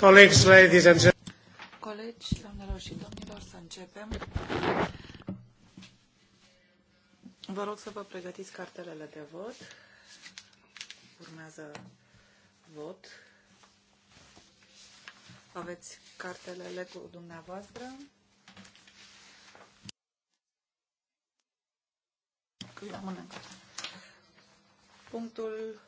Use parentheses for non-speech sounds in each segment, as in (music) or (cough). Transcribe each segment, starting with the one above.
Colleagues, ladies and gentlemen. Colegi, doamnelor și domnilor, să începem. Vă rog să vă pregătiți cartelele de vot. Urmează vot. Aveți cartelele cu dumneavoastră. Punctul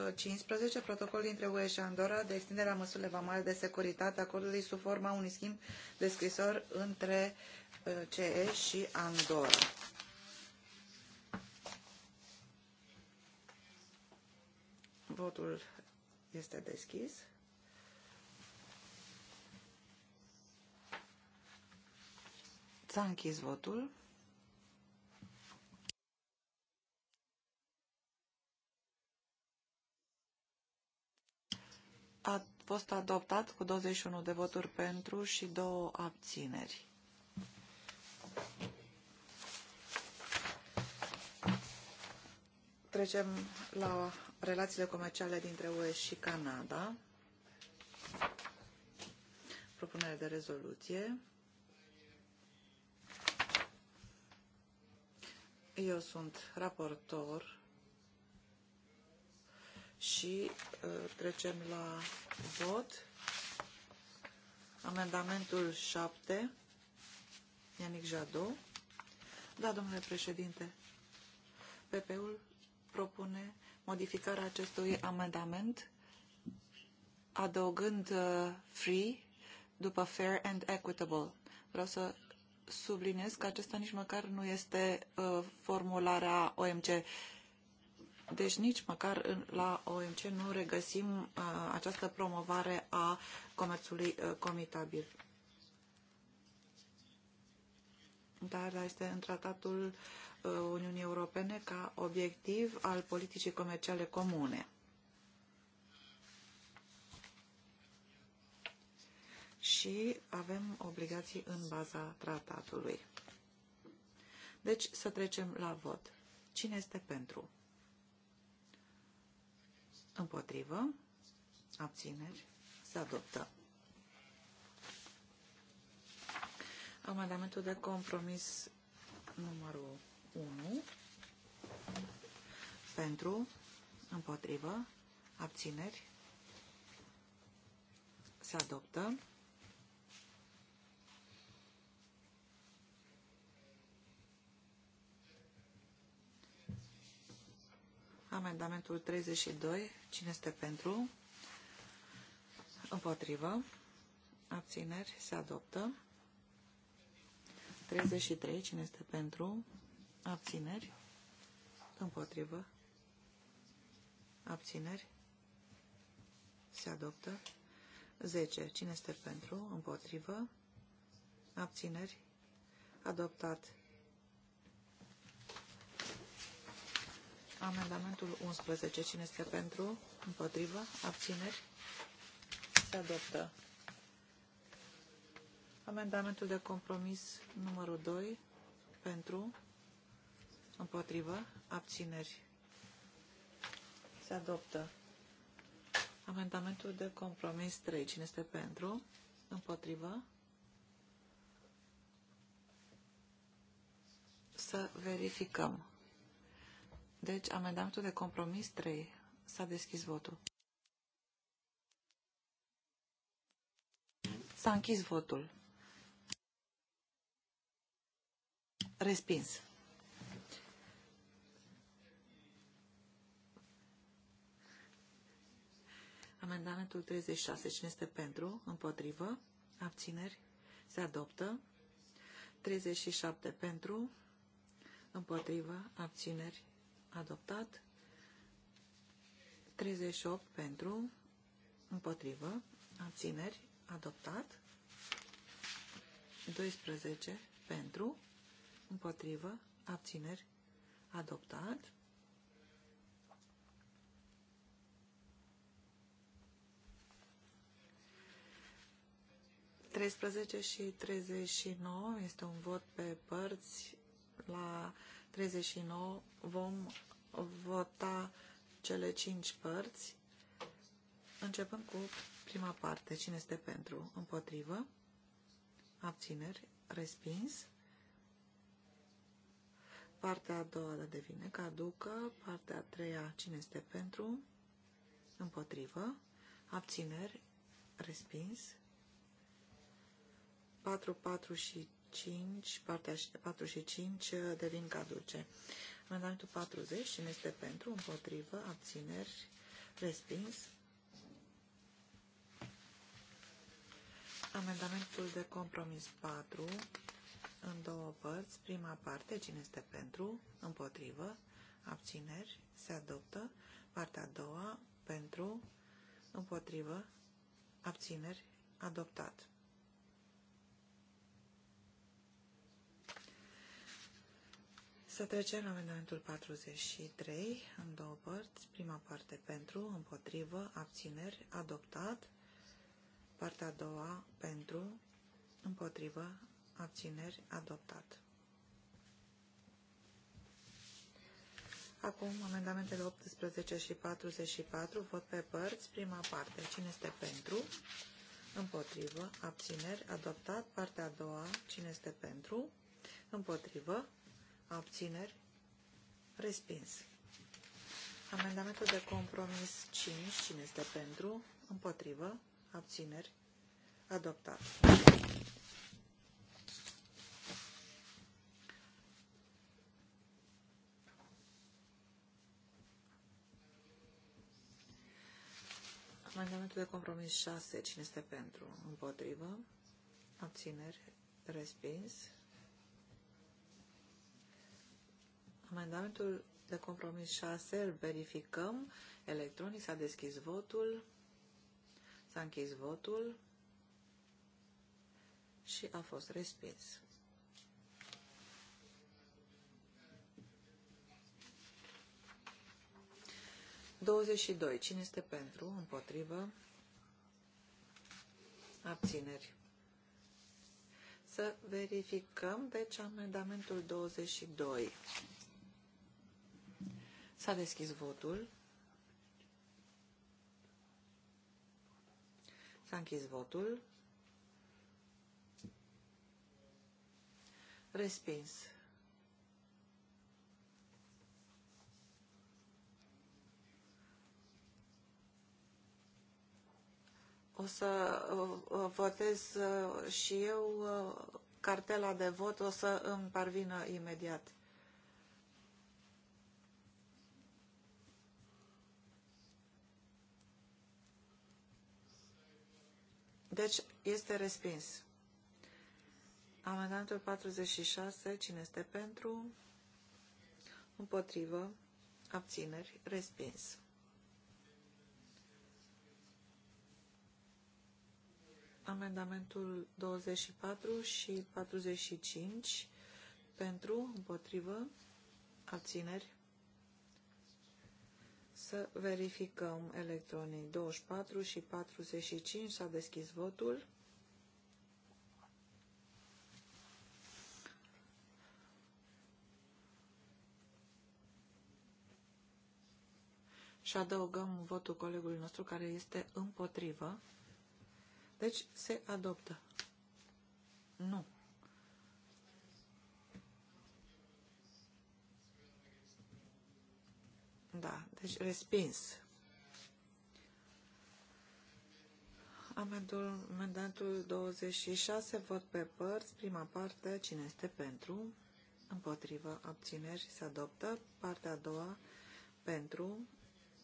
15, protocol dintre UE și Andorra de extinderea măsurilor vamale de securitate acordului sub forma unui schimb de scrisori între uh, CE și Andorra. Votul este deschis. S-a închis votul. a fost adoptat cu 21 de voturi pentru și două abțineri. Trecem la relațiile comerciale dintre UE și Canada. Propunere de rezoluție. Eu sunt raportor și e, trecem la vot. Amendamentul 7, Ianic Jadot. Da, domnule președinte, PP-ul propune modificarea acestui amendament adăugând uh, free după fair and equitable. Vreau să subliniez că acesta nici măcar nu este uh, formularea OMC. Deci nici măcar la OMC nu regăsim uh, această promovare a comerțului uh, comitabil. Dar este în tratatul uh, Uniunii Europene ca obiectiv al politicii comerciale comune. și avem obligații în baza tratatului. Deci să trecem la vot. Cine este pentru? Împotrivă. Abțineri. Se adoptă. Amendamentul de compromis numărul 1 pentru, împotrivă, abțineri, se adoptă. Amendamentul 32. Cine este pentru? Împotrivă. Abțineri. Se adoptă. 33. Cine este pentru? Abțineri. Împotrivă. Abțineri. Se adoptă. 10. Cine este pentru? Împotrivă. Abțineri. Adoptat. Amendamentul 11. Cine este pentru? Împotrivă? Abțineri? Se adoptă. Amendamentul de compromis numărul 2. Pentru? Împotrivă? Abțineri? Se adoptă. Amendamentul de compromis 3. Cine este pentru? Împotrivă? Să verificăm. Deci, amendamentul de compromis 3. S-a deschis votul. S-a închis votul. Respins. Amendamentul 36. Cine este pentru? Împotrivă? Abțineri? Se adoptă. 37 pentru, împotrivă, abțineri, adoptat. 38 pentru, împotrivă, abțineri, adoptat. 12 pentru, împotrivă, abțineri, adoptat. 13 și 39 este un vot pe părți la 39 vom vota cele 5 părți. Începem cu prima parte. Cine este pentru? Împotrivă? Abțineri? Respins? Partea a doua de devine caducă. Partea a treia, cine este pentru? Împotrivă. Abțineri. Respins. 4, 4 și 45, partea 45 uh, devin caduce. Amendamentul 40, cine este pentru, împotrivă, abțineri, respins. Amendamentul de compromis 4, în două părți, prima parte, cine este pentru, împotrivă, abțineri, se adoptă. Partea a doua, pentru, împotrivă, abțineri, adoptat. Să trecem la amendamentul 43, în două părți. Prima parte pentru, împotrivă, abțineri, adoptat. Partea a doua pentru, împotrivă, abțineri, adoptat. Acum, amendamentele 18 și 44, vot pe părți, prima parte. Cine este pentru? Împotrivă, abțineri, adoptat. Partea a doua, cine este pentru? Împotrivă, abțineri, respins. Amendamentul de compromis 5, cine este pentru, împotrivă, abțineri, adoptat. Amendamentul de compromis 6, cine este pentru, împotrivă, abțineri, respins. Amendamentul de compromis 6 îl verificăm. Electronic s-a deschis votul. S-a închis votul și a fost respins. Douăzeci Cine este pentru? Împotrivă? Abțineri. Să verificăm, deci, amendamentul 22. S-a deschis votul. S-a închis votul. Respins. O să votez uh, și eu uh, cartela de vot, o să îmi parvină imediat. Deci este respins. Amendamentul 46, cine este pentru? Împotrivă, abțineri, respins. Amendamentul 24 și 45 pentru, împotrivă, abțineri, să verificăm electronii 24 și 45. S-a deschis votul. și adăugăm votul colegului nostru care este împotrivă. Deci se adoptă. Nu. Da, deci respins. Amendul, amendamentul 26, vot pe părți, prima parte, cine este pentru, împotrivă, abțineri, se adoptă, partea a doua, pentru,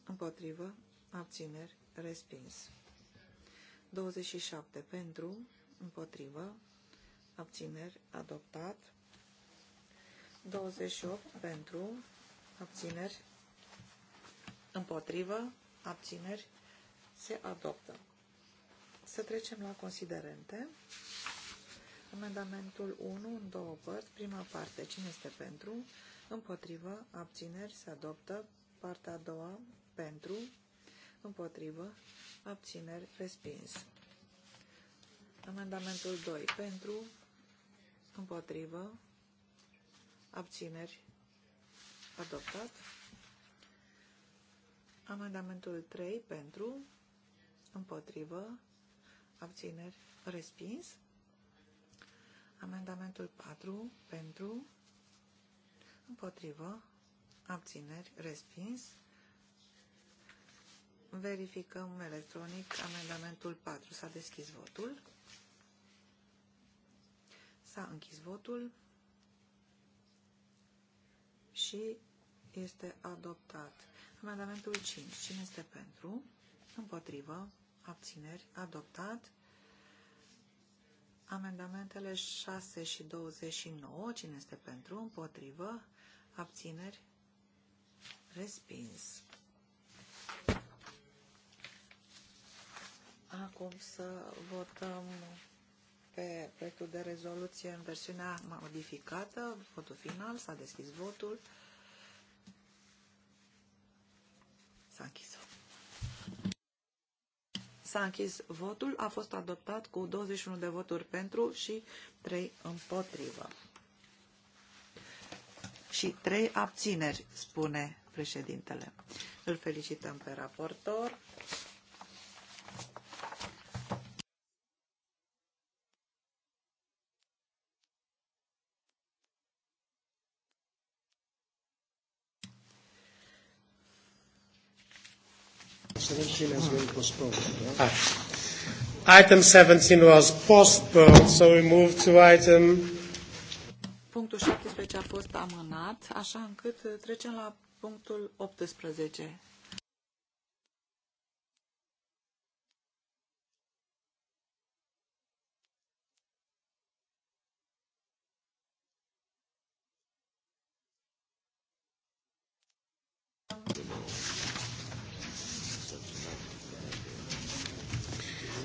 împotrivă, abțineri, respins. 27, pentru, împotrivă, abțineri, adoptat, 28, pentru, abțineri, Împotrivă. Abțineri. Se adoptă. Să trecem la considerente. Amendamentul 1 în două părți. Prima parte. Cine este pentru? Împotrivă. Abțineri. Se adoptă. Partea a doua. Pentru. Împotrivă. Abțineri. Respins. Amendamentul 2. Pentru. Împotrivă. Abțineri. Adoptat. Amendamentul 3 pentru, împotrivă, abțineri, respins. Amendamentul 4 pentru, împotrivă, abțineri, respins. Verificăm electronic amendamentul 4. S-a deschis votul. S-a închis votul și este adoptat. Amendamentul 5. Cine este pentru? Împotrivă. Abțineri. Adoptat. Amendamentele 6 și 29. Cine este pentru? Împotrivă. Abțineri. Respins. Acum să votăm pe proiectul de rezoluție în versiunea modificată. Votul final. S-a deschis votul. S-a închis. S-a închis votul, a fost adoptat cu 21 de voturi pentru și 3 împotrivă. Și 3 abțineri, spune președintele. Îl felicităm pe raportor. postponed. Right? Ah. Item 17 was postponed, so we move to item... Punctul 17 a fost amânat, așa încât trecem la punctul 18.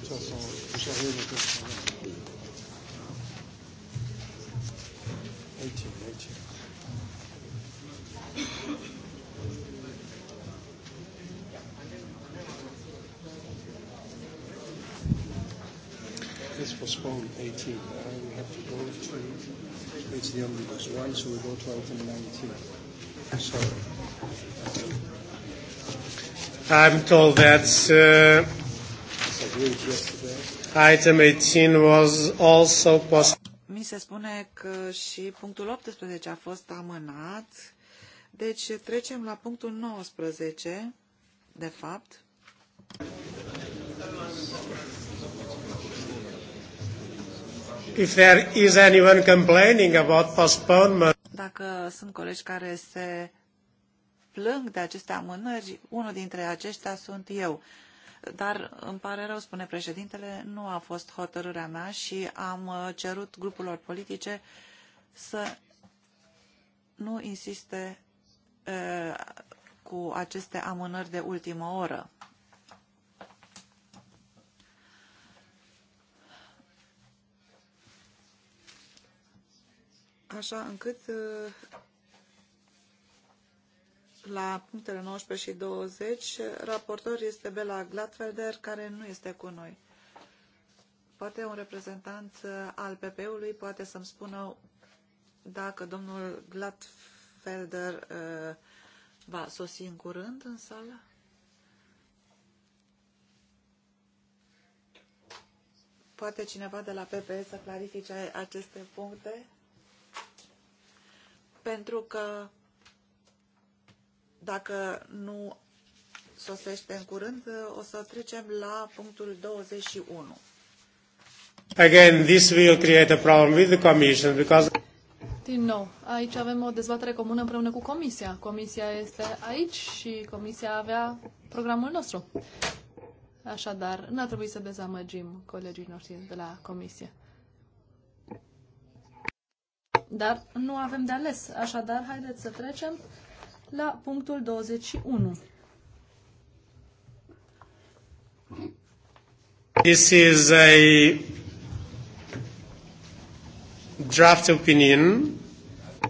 Let's postpone 18. Uh, we have to go to it's the omnibus one, so we go to item 19. Sorry. I'm told that's. Uh, Item 18 was also possible. Mi se spune că și punctul 18 a fost amânat, deci trecem la punctul 19, de fapt. If there is anyone complaining about postponement. Dacă sunt colegi care se plâng de aceste amânări, unul dintre aceștia sunt eu dar îmi pare rău, spune președintele, nu a fost hotărârea mea și am uh, cerut grupurilor politice să nu insiste uh, cu aceste amânări de ultimă oră. Așa încât uh, la punctele 19 și 20, raportor este Bela Gladfelder, care nu este cu noi. Poate un reprezentant al PP-ului poate să-mi spună dacă domnul Gladfelder uh, va sosi în curând în sală. Poate cineva de la PP să clarifice aceste puncte? Pentru că Dacă nu sosește în curând, o să trecem la punctul 21. Again, this will create a problem with the commission because din nou, aici avem o dezbatere comună împreună cu Comisia. Comisia este aici și Comisia avea programul nostru. Așadar, n-a trebuit să dezamăgim colegii noștri de la Comisie. Dar nu avem de ales. Așadar, haideți să trecem la punctul 21. This is a draft opinion.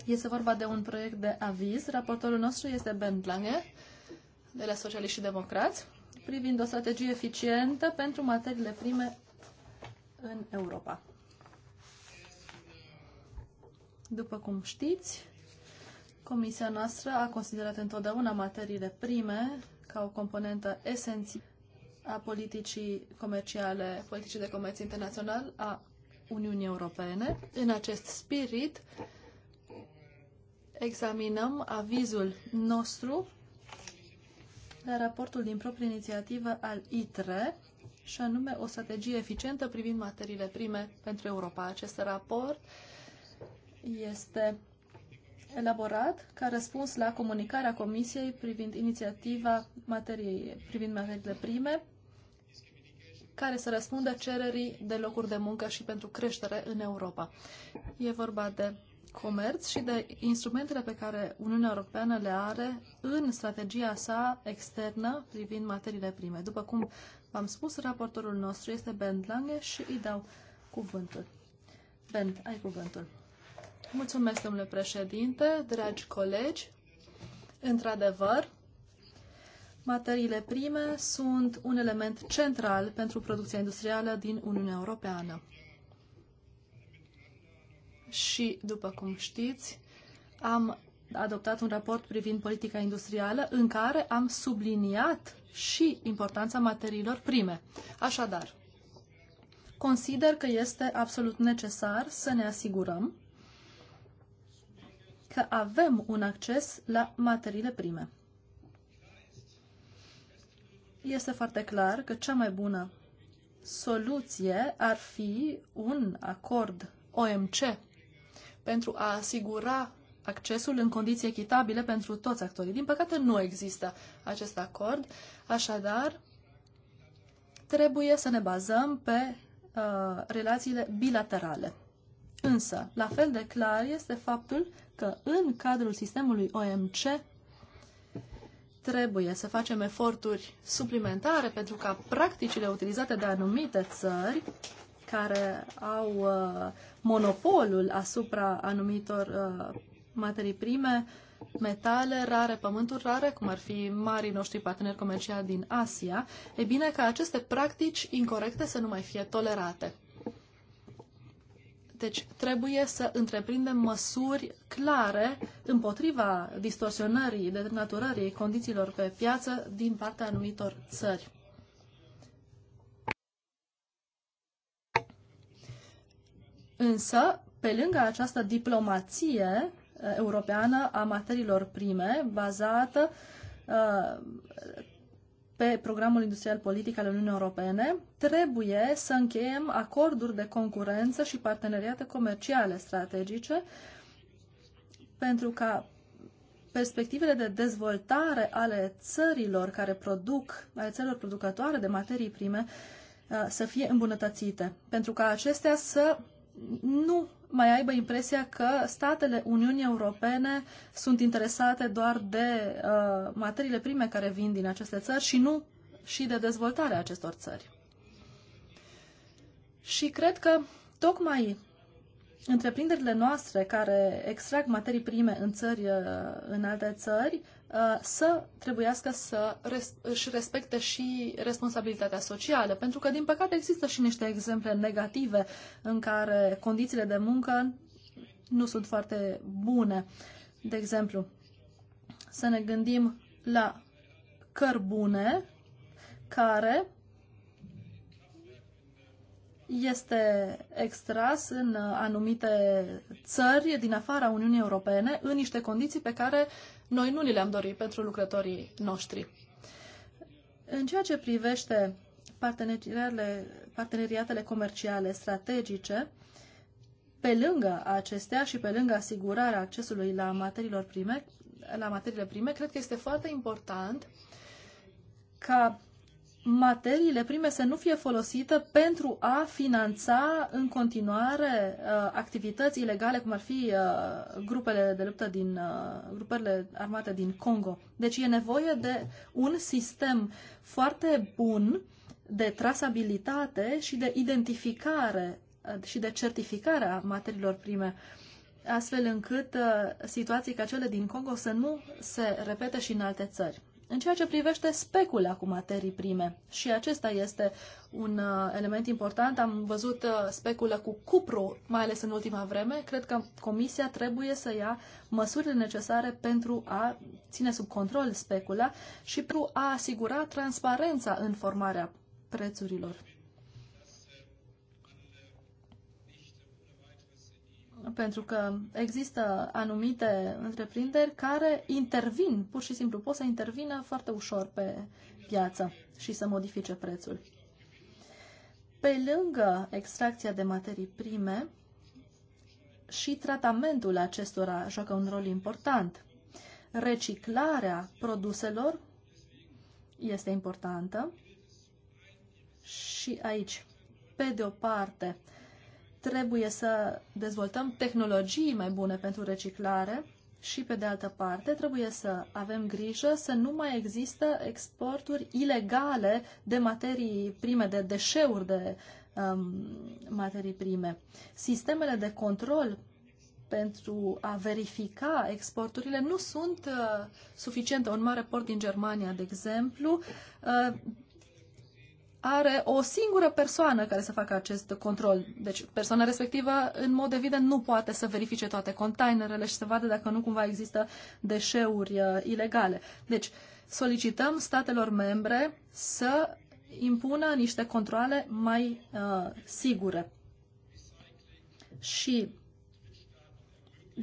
Este vorba de un proiect de aviz. Raportorul nostru este Ben Lange, de la Socialiști și Democrați, privind o strategie eficientă pentru materiile prime în Europa. După cum știți, Comisia noastră a considerat întotdeauna materiile prime ca o componentă esențială a politicii comerciale, politicii de comerț internațional a Uniunii Europene. În acest spirit, examinăm avizul nostru la raportul din proprie inițiativă al ITRE, și anume o strategie eficientă privind materiile prime pentru Europa. Acest raport este elaborat ca răspuns la comunicarea Comisiei privind inițiativa materiei, privind materiile prime, care să răspundă cererii de locuri de muncă și pentru creștere în Europa. E vorba de comerț și de instrumentele pe care Uniunea Europeană le are în strategia sa externă privind materiile prime. După cum v-am spus, raportorul nostru este Ben Lange și îi dau cuvântul. Ben, ai cuvântul. Mulțumesc, domnule președinte, dragi colegi. Într-adevăr, materiile prime sunt un element central pentru producția industrială din Uniunea Europeană. Și, după cum știți, am adoptat un raport privind politica industrială în care am subliniat și importanța materiilor prime. Așadar, consider că este absolut necesar să ne asigurăm că avem un acces la materiile prime. Este foarte clar că cea mai bună soluție ar fi un acord OMC pentru a asigura accesul în condiții echitabile pentru toți actorii. Din păcate, nu există acest acord, așadar, trebuie să ne bazăm pe uh, relațiile bilaterale. Însă, la fel de clar este faptul că în cadrul sistemului OMC trebuie să facem eforturi suplimentare pentru ca practicile utilizate de anumite țări care au uh, monopolul asupra anumitor uh, materii prime, metale rare, pământuri rare, cum ar fi marii noștri parteneri comerciali din Asia, e bine ca aceste practici incorrecte să nu mai fie tolerate. Deci trebuie să întreprindem măsuri clare împotriva distorsionării, denaturării condițiilor pe piață din partea anumitor țări. Însă, pe lângă această diplomație eh, europeană a materiilor prime, bazată uh, pe programul industrial politic al Uniunii Europene, trebuie să încheiem acorduri de concurență și parteneriate comerciale strategice pentru ca perspectivele de dezvoltare ale țărilor care produc, ale țărilor producătoare de materii prime, uh, să fie îmbunătățite, pentru ca acestea să nu mai aibă impresia că statele Uniunii Europene sunt interesate doar de uh, materiile prime care vin din aceste țări și nu și de dezvoltarea acestor țări. Și cred că tocmai întreprinderile noastre care extrag materii prime în țări, uh, în alte țări, uh, Eh, să trebuiască să res- își respecte și responsabilitatea socială, pentru că, din păcate, există și niște exemple negative în care condițiile de muncă nu sunt foarte bune. De exemplu, să ne gândim la cărbune care este extras în anumite țări din afara Uniunii Europene în niște condiții pe care uh, noi nu ni le-am dorit pentru lucrătorii noștri. În ceea ce privește parteneriatele comerciale strategice, pe lângă acestea și pe lângă asigurarea accesului la materiilor prime, la materiile prime, cred că este foarte important ca materiile prime să nu fie folosite pentru a finanța în continuare uh, activități ilegale, cum ar fi uh, grupele de luptă din uh, grupele armate din Congo. Deci e nevoie de un sistem foarte bun de trasabilitate și de identificare uh, și de certificare a materiilor prime astfel încât uh, situații ca cele din Congo să nu se repete și în alte țări. În ceea ce privește specula cu materii prime, și acesta este un uh, element important, am văzut uh, speculă cu cupru, mai ales în ultima vreme, cred că Comisia trebuie să ia măsurile necesare pentru a ține sub control specula și pentru a asigura transparența în formarea prețurilor. pentru că există anumite întreprinderi care intervin, pur și simplu pot să intervină foarte ușor pe piață și să modifice prețul. Pe lângă extracția de materii prime, și tratamentul acestora joacă un rol important. Reciclarea produselor este importantă și aici, pe de o parte, trebuie să dezvoltăm tehnologii mai bune pentru reciclare și, pe de altă parte, trebuie să avem grijă să nu mai există exporturi ilegale de materii prime, de deșeuri de um, materii prime. Sistemele de control pentru a verifica exporturile nu sunt uh, suficiente. Un mare port din Germania, de exemplu, uh, are o singură persoană care să facă acest control. Deci persoana respectivă, în mod evident, nu poate să verifice toate containerele și să vadă dacă nu cumva există deșeuri uh, ilegale. Deci solicităm statelor membre să impună niște controle mai uh, sigure. Și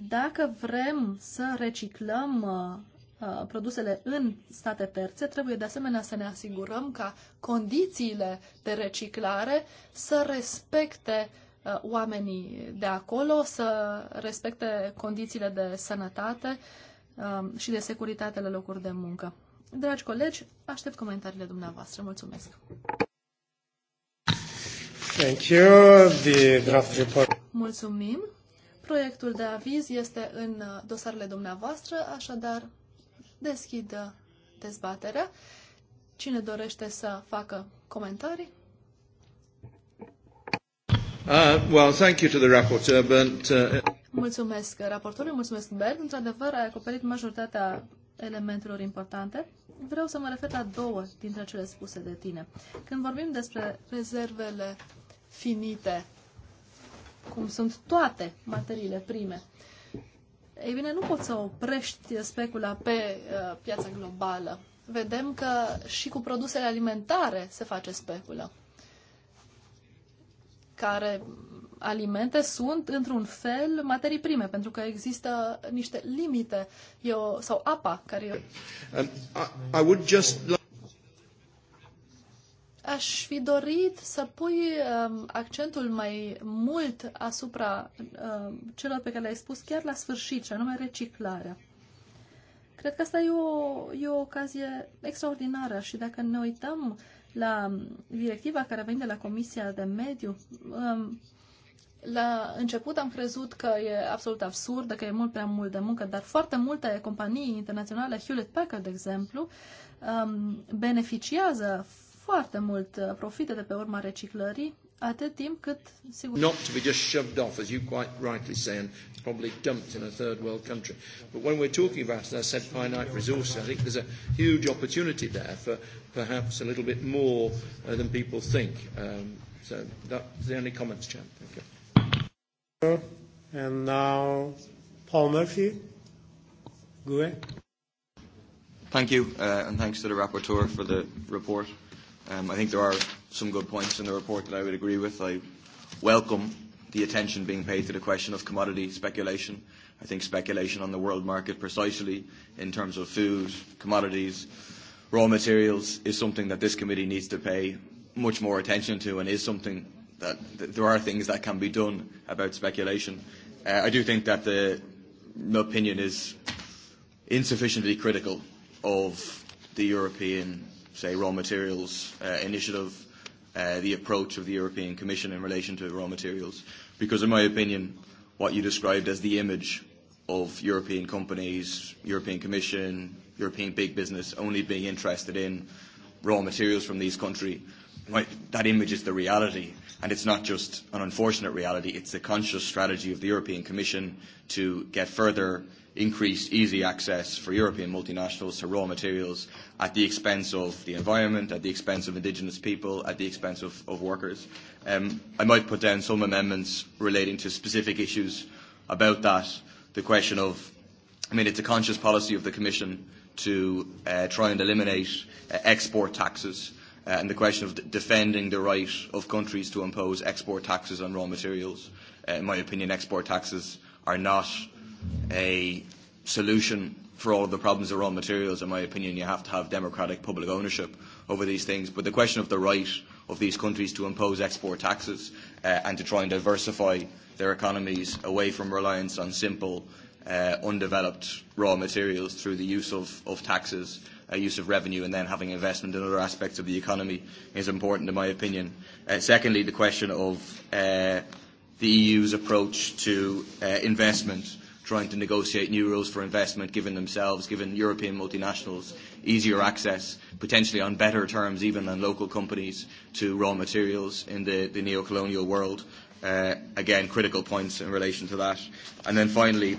dacă vrem să reciclăm uh, Uh, produsele în state terțe, trebuie de asemenea să ne asigurăm ca condițiile de reciclare să respecte uh, oamenii de acolo, să respecte condițiile de sănătate um, și de securitate la locuri de muncă. Dragi colegi, aștept comentariile dumneavoastră. Mulțumesc! Thank you. The draft report. Mulțumim! Proiectul de aviz este în uh, dosarele dumneavoastră, așadar deschid uh, dezbaterea. Cine dorește să facă comentarii? Uh, well, thank you to the rapporteur, but, uh... Mulțumesc uh, raportorului, mulțumesc Berg. Într-adevăr, ai acoperit majoritatea elementelor importante. Vreau să mă refer la două dintre cele spuse de tine. Când vorbim despre rezervele finite, cum sunt toate materiile prime, uh, Ei bine, nu poți să oprești specula pe uh, piața globală. Vedem că și cu produsele alimentare se face speculă, care alimente sunt, într-un fel, materii prime, pentru că există niște limite, Eu, sau apa, care e... Um, I, I would just... Aș fi dorit să pui um, accentul mai mult asupra um, celor pe care le-ai spus chiar la sfârșit, și anume reciclarea. Cred că asta e o, e o ocazie extraordinară și dacă ne uităm la directiva care vine de la Comisia de Mediu, um, la început am crezut că e absolut absurd, că e mult prea mult de muncă, dar foarte multe companii internaționale, Hewlett Packard, de exemplu, um, beneficiază foarte mult uh, profită de pe urma reciclării, atât timp cât, sigur... Not to be just shoved off, as you quite rightly say, and probably dumped in a third world country. But when we're talking about, as I said, finite resources, I think there's a huge opportunity there for perhaps a little bit more uh, than people think. Um, so that's the only comments, Chair. Thank you. And now, Paul Murphy. Go ahead. Thank you, uh, and thanks to the rapporteur for the report. Um, I think there are some good points in the report that I would agree with. I welcome the attention being paid to the question of commodity speculation. I think speculation on the world market, precisely in terms of food, commodities, raw materials, is something that this committee needs to pay much more attention to and is something that, that there are things that can be done about speculation. Uh, I do think that the opinion is insufficiently critical of the European say, raw materials uh, initiative, uh, the approach of the European Commission in relation to raw materials, because in my opinion, what you described as the image of European companies, European Commission, European big business only being interested in raw materials from these countries, right, that image is the reality. And it's not just an unfortunate reality, it's a conscious strategy of the European Commission to get further increased easy access for European multinationals to raw materials at the expense of the environment, at the expense of indigenous people, at the expense of, of workers. Um, I might put down some amendments relating to specific issues about that. The question of, I mean, it's a conscious policy of the Commission to uh, try and eliminate uh, export taxes. Uh, and the question of defending the right of countries to impose export taxes on raw materials. Uh, in my opinion, export taxes are not a solution for all of the problems of raw materials, in my opinion, you have to have democratic public ownership over these things. But the question of the right of these countries to impose export taxes uh, and to try and diversify their economies away from reliance on simple, uh, undeveloped raw materials through the use of, of taxes, uh, use of revenue, and then having investment in other aspects of the economy is important, in my opinion. Uh, secondly, the question of uh, the EU's approach to uh, investment trying to negotiate new rules for investment, giving themselves, giving European multinationals easier access, potentially on better terms even than local companies, to raw materials in the, the neo-colonial world. Uh, again, critical points in relation to that. And then finally,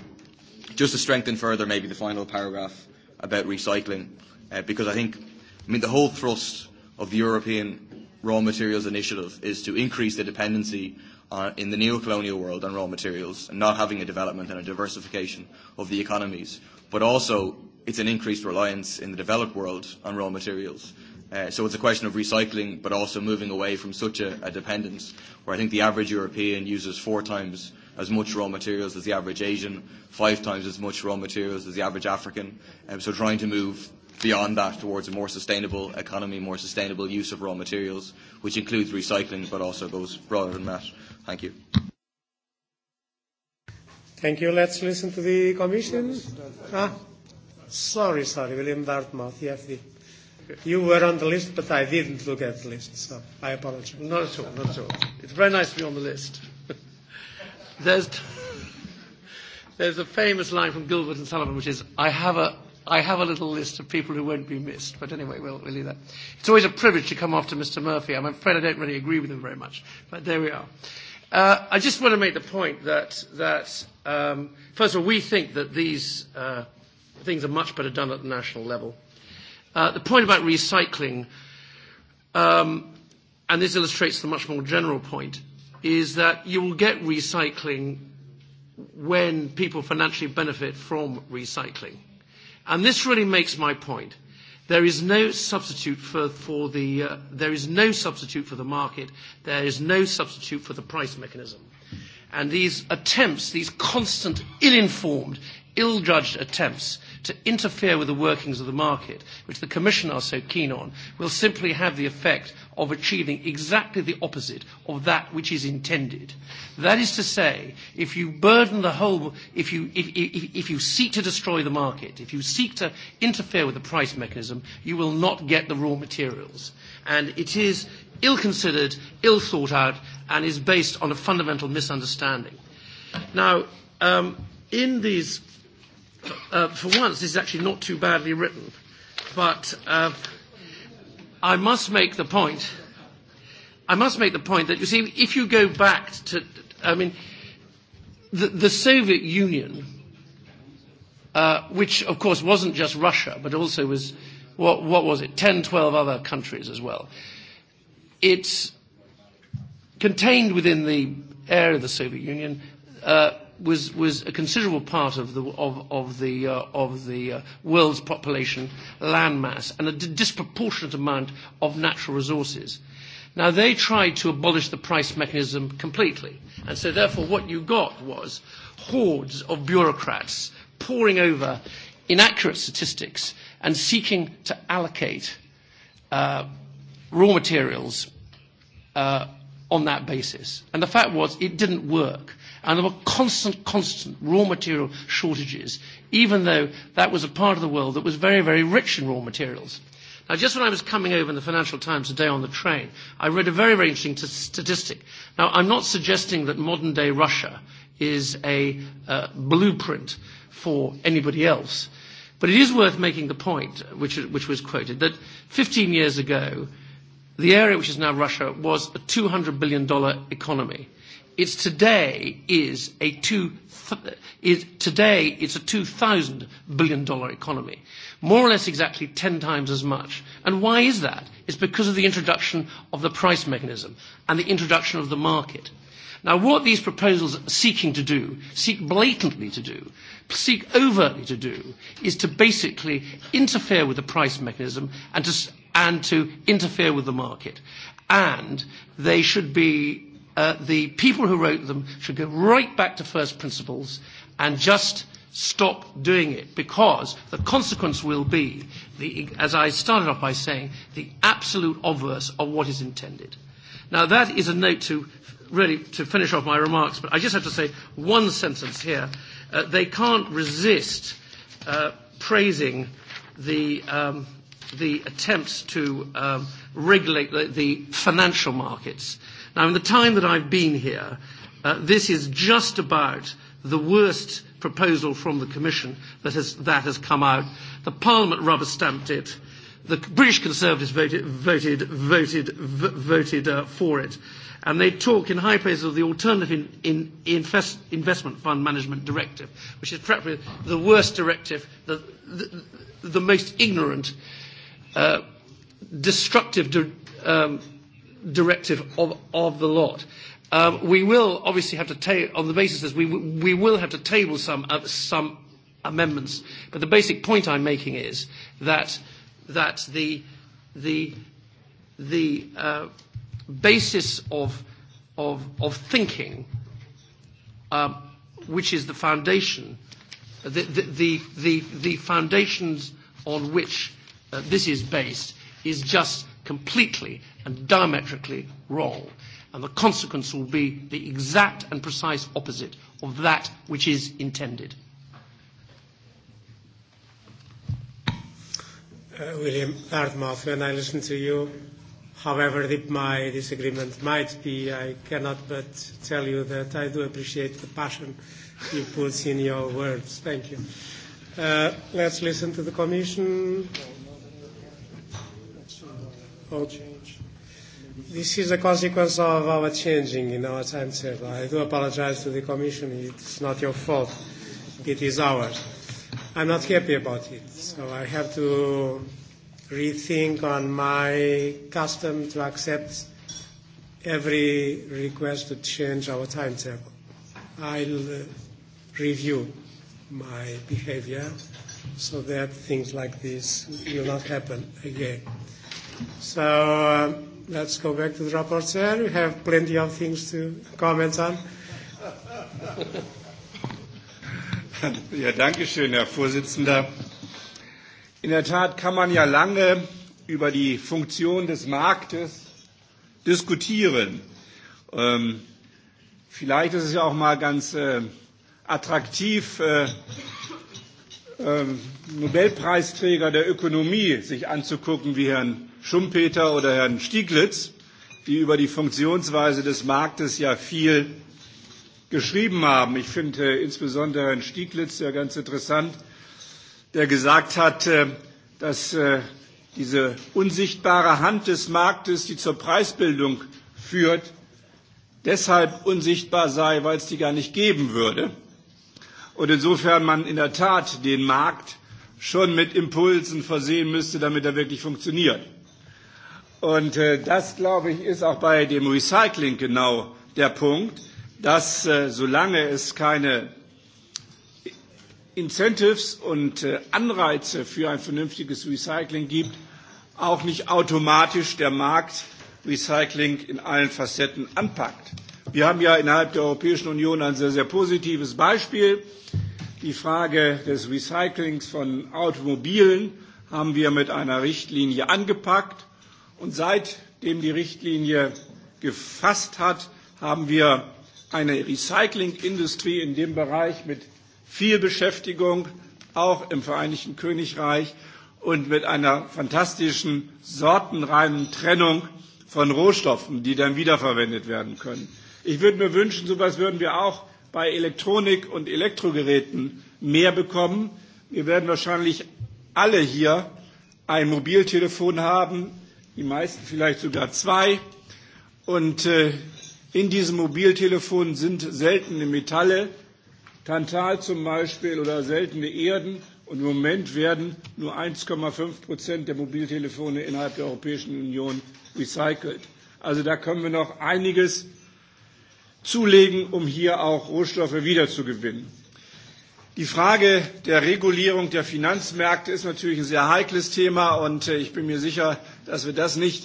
just to strengthen further maybe the final paragraph about recycling, uh, because I think, I mean, the whole thrust of the European Raw Materials Initiative is to increase the dependency uh, in the neocolonial colonial world on raw materials and not having a development and a diversification of the economies, but also it's an increased reliance in the developed world on raw materials. Uh, so it's a question of recycling, but also moving away from such a, a dependence, where I think the average European uses four times as much raw materials as the average Asian, five times as much raw materials as the average African. Um, so trying to move beyond that towards a more sustainable economy, more sustainable use of raw materials, which includes recycling, but also goes broader than that. Thank you. Thank you. Let's listen to the Commission. Ah, sorry, sorry, William Dartmouth, the. You were on the list, but I didn't look at the list, so I apologize. Not at all, not at all. It's very nice to be on the list. (laughs) there's, there's a famous line from Gilbert and Sullivan, which is, I have a, I have a little list of people who won't be missed. But anyway, we'll, we'll leave that. It's always a privilege to come after Mr. Murphy. I'm afraid I don't really agree with him very much, but there we are. Uh, I just want to make the point that, that um, first of all, we think that these uh, things are much better done at the national level. Uh, the point about recycling, um, and this illustrates the much more general point, is that you will get recycling when people financially benefit from recycling. And this really makes my point There is no substitute for, for the uh, there is no substitute for the market. There is no substitute for the price mechanism. And these attempts, these constant, ill-informed, ill-judged attempts to interfere with the workings of the market, which the Commission are so keen on, will simply have the effect of achieving exactly the opposite of that which is intended. That is to say, if you burden the whole, if you, if, if, if you seek to destroy the market, if you seek to interfere with the price mechanism, you will not get the raw materials. And it is ill-considered, ill thought out, and is based on a fundamental misunderstanding. Now, um, in these, uh, for once, this is actually not too badly written, but uh, i must make the point. I must make the point that you see, if you go back to, I mean, the, the Soviet Union, uh, which of course wasn't just Russia, but also was, what, what was it, 10, 12 other countries as well. It's contained within the area of the Soviet Union. Uh, was, was a considerable part of the, of, of the, uh, of the uh, world's population landmass and a d- disproportionate amount of natural resources. Now, they tried to abolish the price mechanism completely. And so, therefore, what you got was hordes of bureaucrats pouring over inaccurate statistics and seeking to allocate uh, raw materials uh, on that basis. And the fact was, it didn't work. And there were constant, constant raw material shortages, even though that was a part of the world that was very, very rich in raw materials. Now, just when I was coming over in the Financial Times today on the train, I read a very, very interesting t- statistic. Now, I'm not suggesting that modern day Russia is a uh, blueprint for anybody else, but it is worth making the point, which, which was quoted, that 15 years ago, the area which is now Russia was a $200 billion economy. It's today is a two th- is today it's a two thousand billion dollar economy, more or less exactly ten times as much. And why is that? It's because of the introduction of the price mechanism and the introduction of the market. Now, what these proposals are seeking to do, seek blatantly to do, seek overtly to do, is to basically interfere with the price mechanism and to, and to interfere with the market. And they should be uh, the people who wrote them should go right back to first principles and just stop doing it because the consequence will be, the, as I started off by saying, the absolute obverse of what is intended. Now that is a note to really to finish off my remarks, but I just have to say one sentence here. Uh, they can't resist uh, praising the, um, the attempts to um, regulate the, the financial markets. Now, in the time that I've been here, uh, this is just about the worst proposal from the Commission that has, that has come out. The Parliament rubber stamped it. The British Conservatives voted, voted, voted, v- voted uh, for it. And they talk in high praise of the Alternative in, in, Invest, Investment Fund Management Directive, which is perhaps the worst directive, the, the, the most ignorant, uh, destructive. De- um, directive of, of the lot. Um, we will obviously have to take, on the basis of this, we, we will have to table some, uh, some amendments. But the basic point I'm making is that, that the, the, the uh, basis of, of, of thinking, um, which is the foundation, the, the, the, the, the foundations on which uh, this is based, is just completely and diametrically wrong. And the consequence will be the exact and precise opposite of that which is intended. Uh, William Dartmouth, when I listen to you, however deep my disagreement might be, I cannot but tell you that I do appreciate the passion you put in your words. Thank you. Uh, let's listen to the Commission. This is a consequence of our changing in our timetable. I do apologize to the Commission. It's not your fault. It is ours. I'm not happy about it. So I have to rethink on my custom to accept every request to change our timetable. I'll uh, review my behavior so that things like this will not happen again. So uh, let's go back to the rapporteur. We have plenty of things to comment on. (laughs) Ja, danke schön, Herr Vorsitzender. In der Tat kann man ja lange über die Funktion des Marktes diskutieren. Ähm, vielleicht ist es ja auch mal ganz äh, attraktiv, äh, äh, Nobelpreisträger der Ökonomie sich anzugucken, wie Herrn Schumpeter oder Herrn Stieglitz, die über die Funktionsweise des Marktes ja viel geschrieben haben. Ich finde äh, insbesondere Herrn Stieglitz ja ganz interessant, der gesagt hat, äh, dass äh, diese unsichtbare Hand des Marktes, die zur Preisbildung führt, deshalb unsichtbar sei, weil es die gar nicht geben würde. Und insofern man in der Tat den Markt schon mit Impulsen versehen müsste, damit er wirklich funktioniert. Und äh, das, glaube ich, ist auch bei dem Recycling genau der Punkt, dass äh, solange es keine Incentives und äh, Anreize für ein vernünftiges Recycling gibt, auch nicht automatisch der Markt Recycling in allen Facetten anpackt. Wir haben ja innerhalb der Europäischen Union ein sehr, sehr positives Beispiel. Die Frage des Recyclings von Automobilen haben wir mit einer Richtlinie angepackt. Und seitdem die Richtlinie gefasst hat, haben wir eine Recyclingindustrie in dem Bereich mit viel Beschäftigung, auch im Vereinigten Königreich und mit einer fantastischen sortenreinen Trennung von Rohstoffen, die dann wiederverwendet werden können. Ich würde mir wünschen, so etwas würden wir auch bei Elektronik und Elektrogeräten mehr bekommen. Wir werden wahrscheinlich alle hier ein Mobiltelefon haben, die meisten vielleicht sogar zwei. Und äh, in diesem Mobiltelefon sind seltene Metalle, Tantal zum Beispiel oder seltene Erden. Und im Moment werden nur 1,5 Prozent der Mobiltelefone innerhalb der Europäischen Union recycelt. Also da können wir noch einiges zulegen, um hier auch Rohstoffe wiederzugewinnen. Die Frage der Regulierung der Finanzmärkte ist natürlich ein sehr heikles Thema und äh, ich bin mir sicher, dass wir das nicht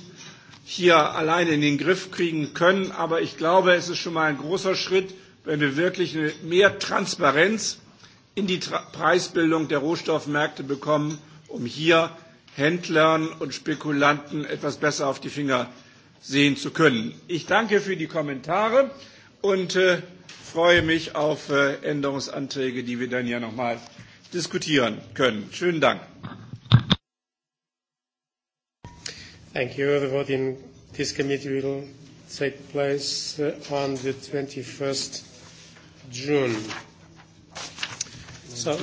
hier alleine in den Griff kriegen können. Aber ich glaube, es ist schon mal ein großer Schritt, wenn wir wirklich mehr Transparenz in die Tra Preisbildung der Rohstoffmärkte bekommen, um hier Händlern und Spekulanten etwas besser auf die Finger sehen zu können. Ich danke für die Kommentare und äh, freue mich auf äh, Änderungsanträge, die wir dann ja nochmal diskutieren können. Schönen Dank. Thank you. The vote in this committee will take place uh, on the 21st June. So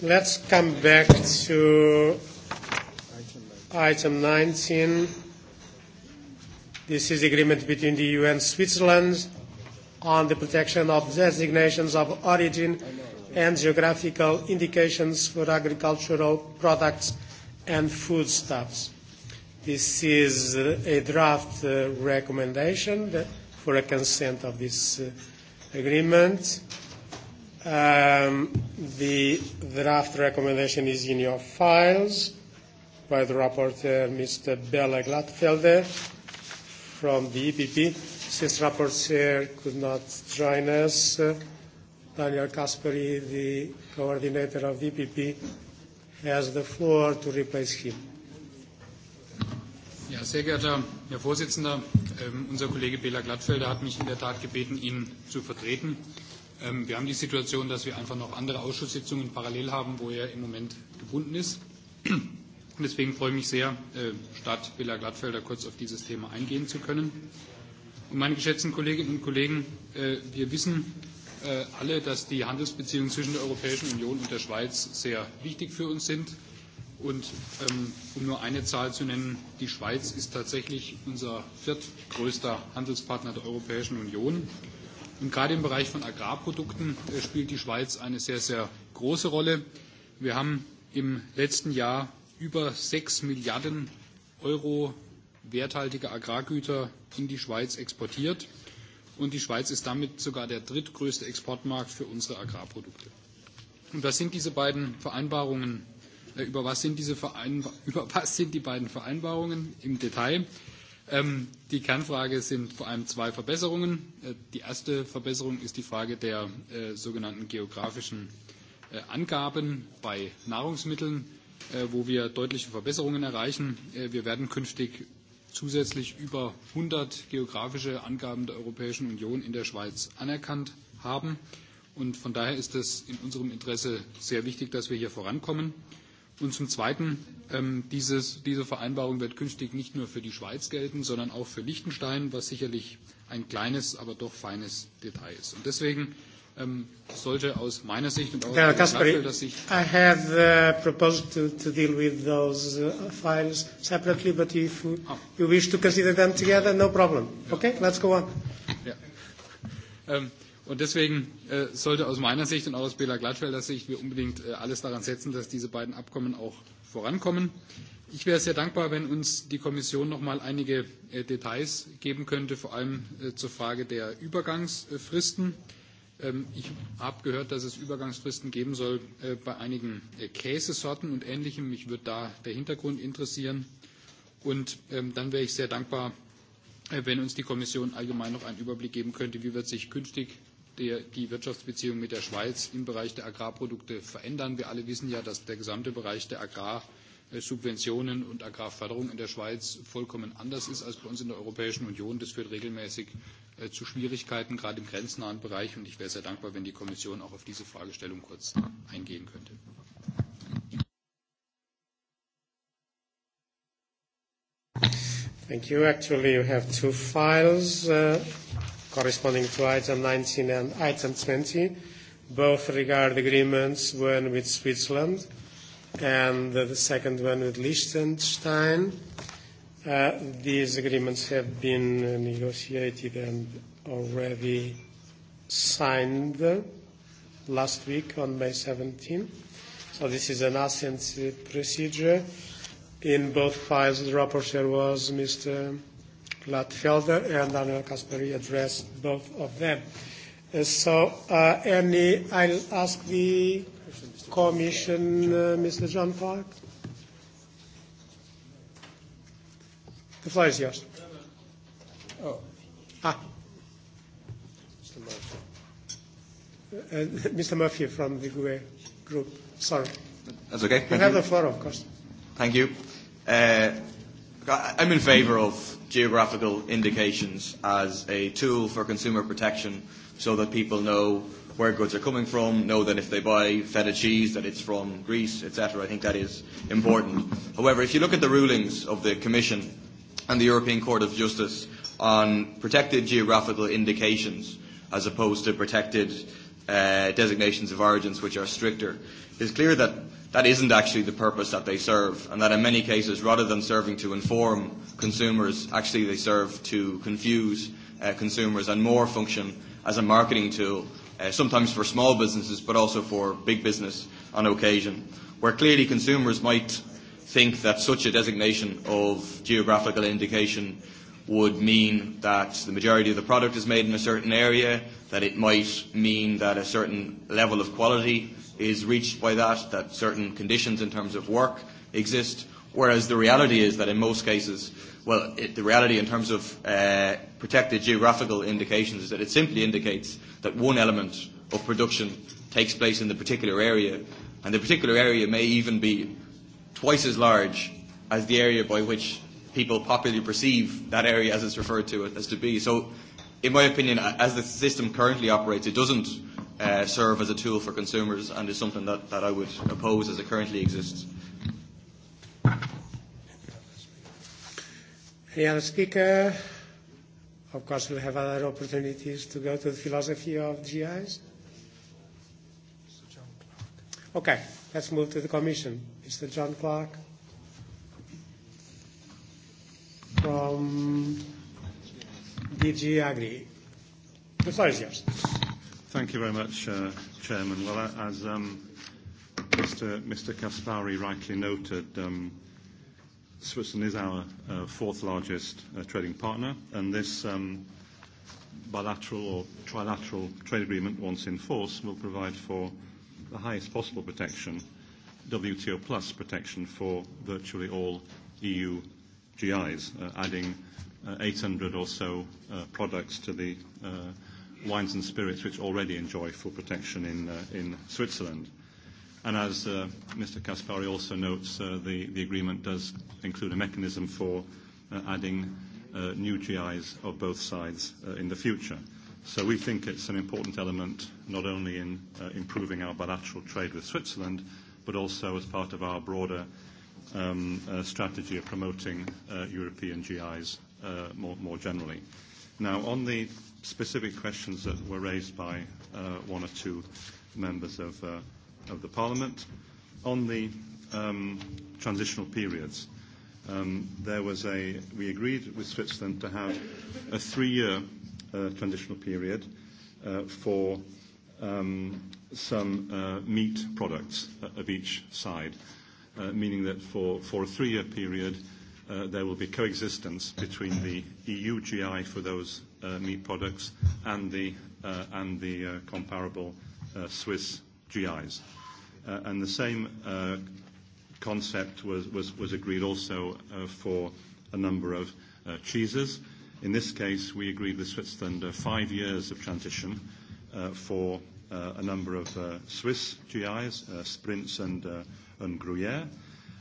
let's come back to item 19. This is the agreement between the EU and Switzerland on the protection of designations of origin and geographical indications for agricultural products and foodstuffs. This is a draft uh, recommendation that for a consent of this uh, agreement. Um, the draft recommendation is in your files by the rapporteur, Mr. Bella Glattfelder from the EPP. Since rapporteur could not join us, uh, Daniel Kasperi, the coordinator of the EPP, has the floor to replace him. Ja, sehr geehrter Herr Vorsitzender, ähm, unser Kollege Bela Glattfelder hat mich in der Tat gebeten, ihn zu vertreten. Ähm, wir haben die Situation, dass wir einfach noch andere Ausschusssitzungen parallel haben, wo er im Moment gebunden ist. Und deswegen freue ich mich sehr, äh, statt Bela Glattfelder kurz auf dieses Thema eingehen zu können. Und meine geschätzten Kolleginnen und Kollegen, äh, wir wissen äh, alle, dass die Handelsbeziehungen zwischen der Europäischen Union und der Schweiz sehr wichtig für uns sind. Und ähm, um nur eine Zahl zu nennen, die Schweiz ist tatsächlich unser viertgrößter Handelspartner der Europäischen Union. Und gerade im Bereich von Agrarprodukten äh, spielt die Schweiz eine sehr, sehr große Rolle. Wir haben im letzten Jahr über 6 Milliarden Euro werthaltige Agrargüter in die Schweiz exportiert. Und die Schweiz ist damit sogar der drittgrößte Exportmarkt für unsere Agrarprodukte. Und was sind diese beiden Vereinbarungen Äh, über was sind, diese (laughs) über was sind die beiden Vereinbarungen im Detail. Ähm, die Kernfrage sind vor allem zwei Verbesserungen. Äh, die erste Verbesserung ist die Frage der äh, sogenannten geografischen äh, Angaben bei Nahrungsmitteln, äh, wo wir deutliche Verbesserungen erreichen. Äh, wir werden künftig zusätzlich über 100 geografische Angaben der Europäischen Union in der Schweiz anerkannt haben. Und von daher ist es in unserem Interesse sehr wichtig, dass wir hier vorankommen. Äh, Und zum Zweiten, ähm, dieses, diese Vereinbarung wird künftig nicht nur für die Schweiz gelten, sondern auch für Liechtenstein, was sicherlich ein kleines, aber doch feines Detail ist. Und deswegen um, sollte aus meiner Sicht und auch Herr Kasperi, dass ich I have uh, proposed to, to deal with those uh, files separately, but if you, ah. you wish to consider them together, no problem. Ja. Okay, let's go on. Ja. Um, Und deswegen äh, sollte aus meiner Sicht und auch aus Bela Glattfelders Sicht wir unbedingt äh, alles daran setzen, dass diese beiden Abkommen auch vorankommen. Ich wäre sehr dankbar, wenn uns die Kommission noch mal einige äh, Details geben könnte, vor allem äh, zur Frage der Übergangsfristen. Ähm, ich habe gehört, dass es Übergangsfristen geben soll bei einigen Käsesorten und Ähnlichem. Mich würde da der Hintergrund interessieren. Und ähm, dann wäre ich sehr dankbar, wenn uns die Kommission allgemein noch einen Überblick geben könnte, wie wird sich künftig der, die Wirtschaftsbeziehungen mit der Schweiz im Bereich der Agrarprodukte verändern. Wir alle wissen ja, dass der gesamte Bereich der Agrarsubventionen und Agrarförderung in der Schweiz vollkommen anders ist als bei uns in der Europäischen Union. Das führt regelmäßig äh, zu Schwierigkeiten, gerade im grenznahen Bereich. Und ich wäre sehr dankbar, wenn die Kommission auch auf diese Fragestellung kurz eingehen könnte. Thank you. Actually, you have two files. Uh, corresponding to item 19 and item 20. Both regard agreements, one with Switzerland and the second one with Liechtenstein. Uh, these agreements have been negotiated and already signed last week on May 17. So this is an assent procedure. In both files, the rapporteur was Mr. Gladfelder and Daniel Caspary. addressed both of them. Uh, so, uh, I'll ask the Commission, uh, Mr. John Clark. The floor is yours. Oh. Ah. Mr. Murphy. Mr. Murphy from the GUE group. Sorry. That's okay. Thank you have the floor, of course. Thank you. Uh, I'm in favour of geographical indications as a tool for consumer protection so that people know where goods are coming from, know that if they buy feta cheese that it's from Greece, etc. I think that is important. However, if you look at the rulings of the Commission and the European Court of Justice on protected geographical indications as opposed to protected uh, designations of origins which are stricter, it's clear that that isn't actually the purpose that they serve, and that in many cases, rather than serving to inform consumers, actually they serve to confuse uh, consumers and more function as a marketing tool, uh, sometimes for small businesses, but also for big business on occasion, where clearly consumers might think that such a designation of geographical indication would mean that the majority of the product is made in a certain area, that it might mean that a certain level of quality is reached by that, that certain conditions in terms of work exist, whereas the reality is that in most cases, well, it, the reality in terms of uh, protected geographical indications is that it simply indicates that one element of production takes place in the particular area, and the particular area may even be twice as large as the area by which people popularly perceive that area as it's referred to as to be. So, in my opinion, as the system currently operates, it doesn't uh, serve as a tool for consumers and is something that, that I would oppose as it currently exists. Any other speaker? Of course, we'll have other opportunities to go to the philosophy of GIs. Okay, let's move to the Commission. Mr. John Clark. from DG Agri. The floor is yours. Thank you very much, uh, Chairman. Well, as um, Mr. Mr. Kaspari rightly noted, um, Switzerland is our uh, fourth largest uh, trading partner, and this um, bilateral or trilateral trade agreement, once in force, will provide for the highest possible protection, WTO plus protection for virtually all EU GIs, uh, adding uh, 800 or so uh, products to the uh, wines and spirits which already enjoy full protection in, uh, in Switzerland. And as uh, Mr. Caspary also notes, uh, the, the agreement does include a mechanism for uh, adding uh, new GIs of both sides uh, in the future. So we think it's an important element not only in uh, improving our bilateral trade with Switzerland, but also as part of our broader um, strategy of promoting uh, European GIs uh, more, generally. Now, on the specific questions that were raised by uh, one or two members of, the Parliament, on the um, transitional periods, um, there was a, we agreed with Switzerland to have a three-year transitional period for um, some meat products of each side. Uh, meaning that for, for a three-year period, uh, there will be coexistence between the EU GI for those uh, meat products and the, and the comparable Swiss GIs. and the same concept was, was, was agreed also for a number of cheeses. In this case, we agreed with Switzerland five years of transition for a number of Swiss GIs, Sprints and and Gruyère.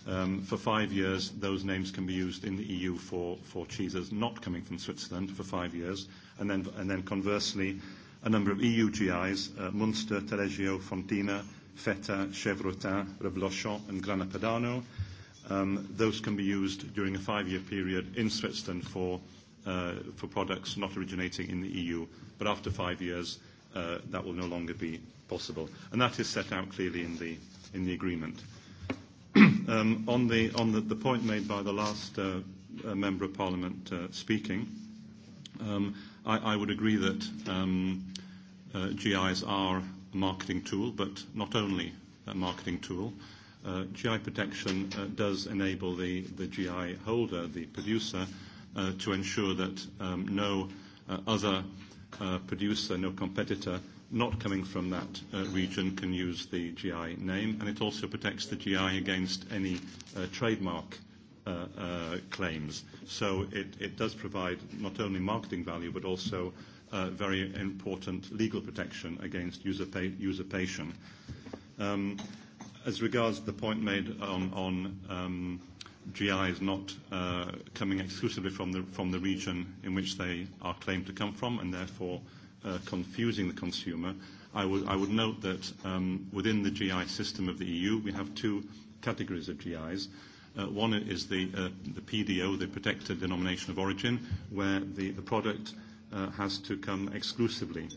Um, for five years, those names can be used in the EU for, for cheeses not coming from Switzerland for five years. And then, and then conversely, a number of EU GIs, uh, Munster, Taleggio, Fontina, Feta, Chevrotin, Reblochon, and Grana Padano. Um, those can be used during a five-year period in Switzerland for, uh, for products not originating in the EU, but after five years, uh, that will no longer be possible. And that is set out clearly in the, in the agreement um, on the, on the, the point made by the last uh, uh, Member of Parliament uh, speaking, um, I, I would agree that um, uh, GIs are a marketing tool, but not only a marketing tool. Uh, GI protection uh, does enable the, the GI holder, the producer, uh, to ensure that um, no uh, other uh, producer, no competitor not coming from that uh, region can use the GI name, and it also protects the GI against any uh, trademark uh, uh, claims. So it, it does provide not only marketing value but also uh, very important legal protection against usurpa- usurpation. Um, as regards the point made on, on um, GI is not uh, coming exclusively from the, from the region in which they are claimed to come from, and therefore Uh, confusing the consumer. I would, I would note that um, within the GI system of the EU, we have two categories of GIs. Uh, one is the, uh, PDO, the protected denomination of origin, where the, product has to come exclusively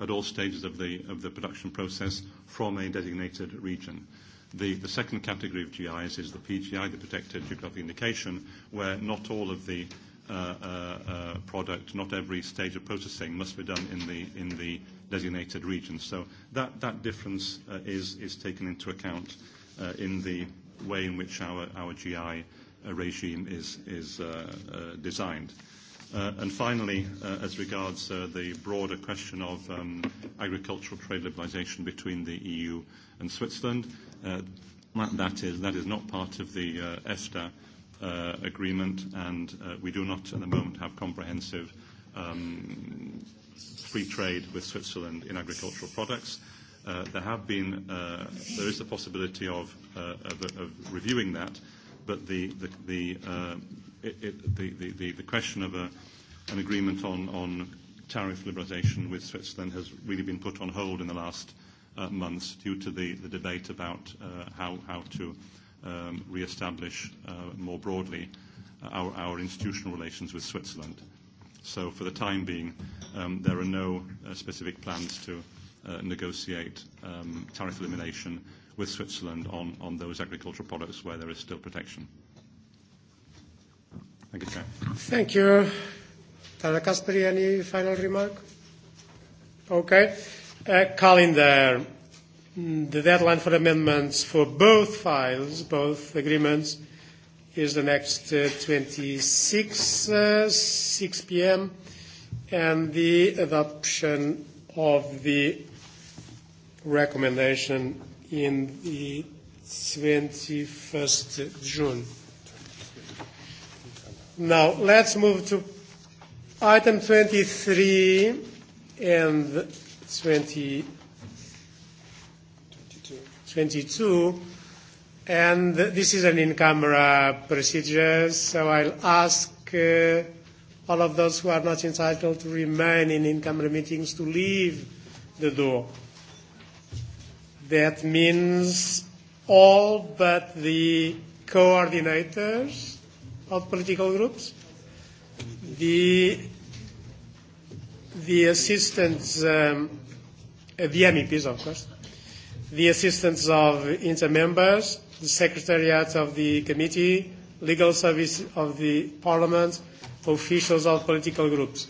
at all stages of the, production process from a designated region. The, the second category of GIs is the PGI, the protected geographic indication, where not all of the Uh, uh, uh, product, not every stage of processing must be done in the, in the designated region. So that, that difference is, is taken into account in the way in which our, our GI regime is, is designed. And finally, as regards the broader question of um, agricultural trade liberalisation between the EU and Switzerland, that is, that is not part of the EFTA uh, agreement, and uh, we do not at the moment have comprehensive um, free trade with Switzerland in agricultural products. Uh, there have been, uh, there is the possibility of, uh, of, of reviewing that, but the, the, the, uh, it, it, the, the, the, question of a, an agreement on, on tariff liberalisation with Switzerland has really been put on hold in the last uh, months due to the, the debate about uh, how, how to uh, um, re-establish uh, more broadly uh, our, our institutional relations with Switzerland. So for the time being, um, there are no uh, specific plans to uh, negotiate um, tariff elimination with Switzerland on, on those agricultural products where there is still protection. Thank you, Chair. Thank you. Tara Kasperi, any final remark? Okay. Uh, calendar. The deadline for amendments for both files, both agreements, is the next uh, 26, uh, 6 p.m., and the adoption of the recommendation in the 21st June. Now, let's move to item 23 and 20. 22. And this is an in-camera procedure, so I'll ask uh, all of those who are not entitled to remain in in-camera meetings to leave the door. That means all but the coordinators of political groups, the, the assistants, um, the MEPs, of course, the assistance of inter-members, the secretariat of the committee, legal service of the parliament, officials of political groups.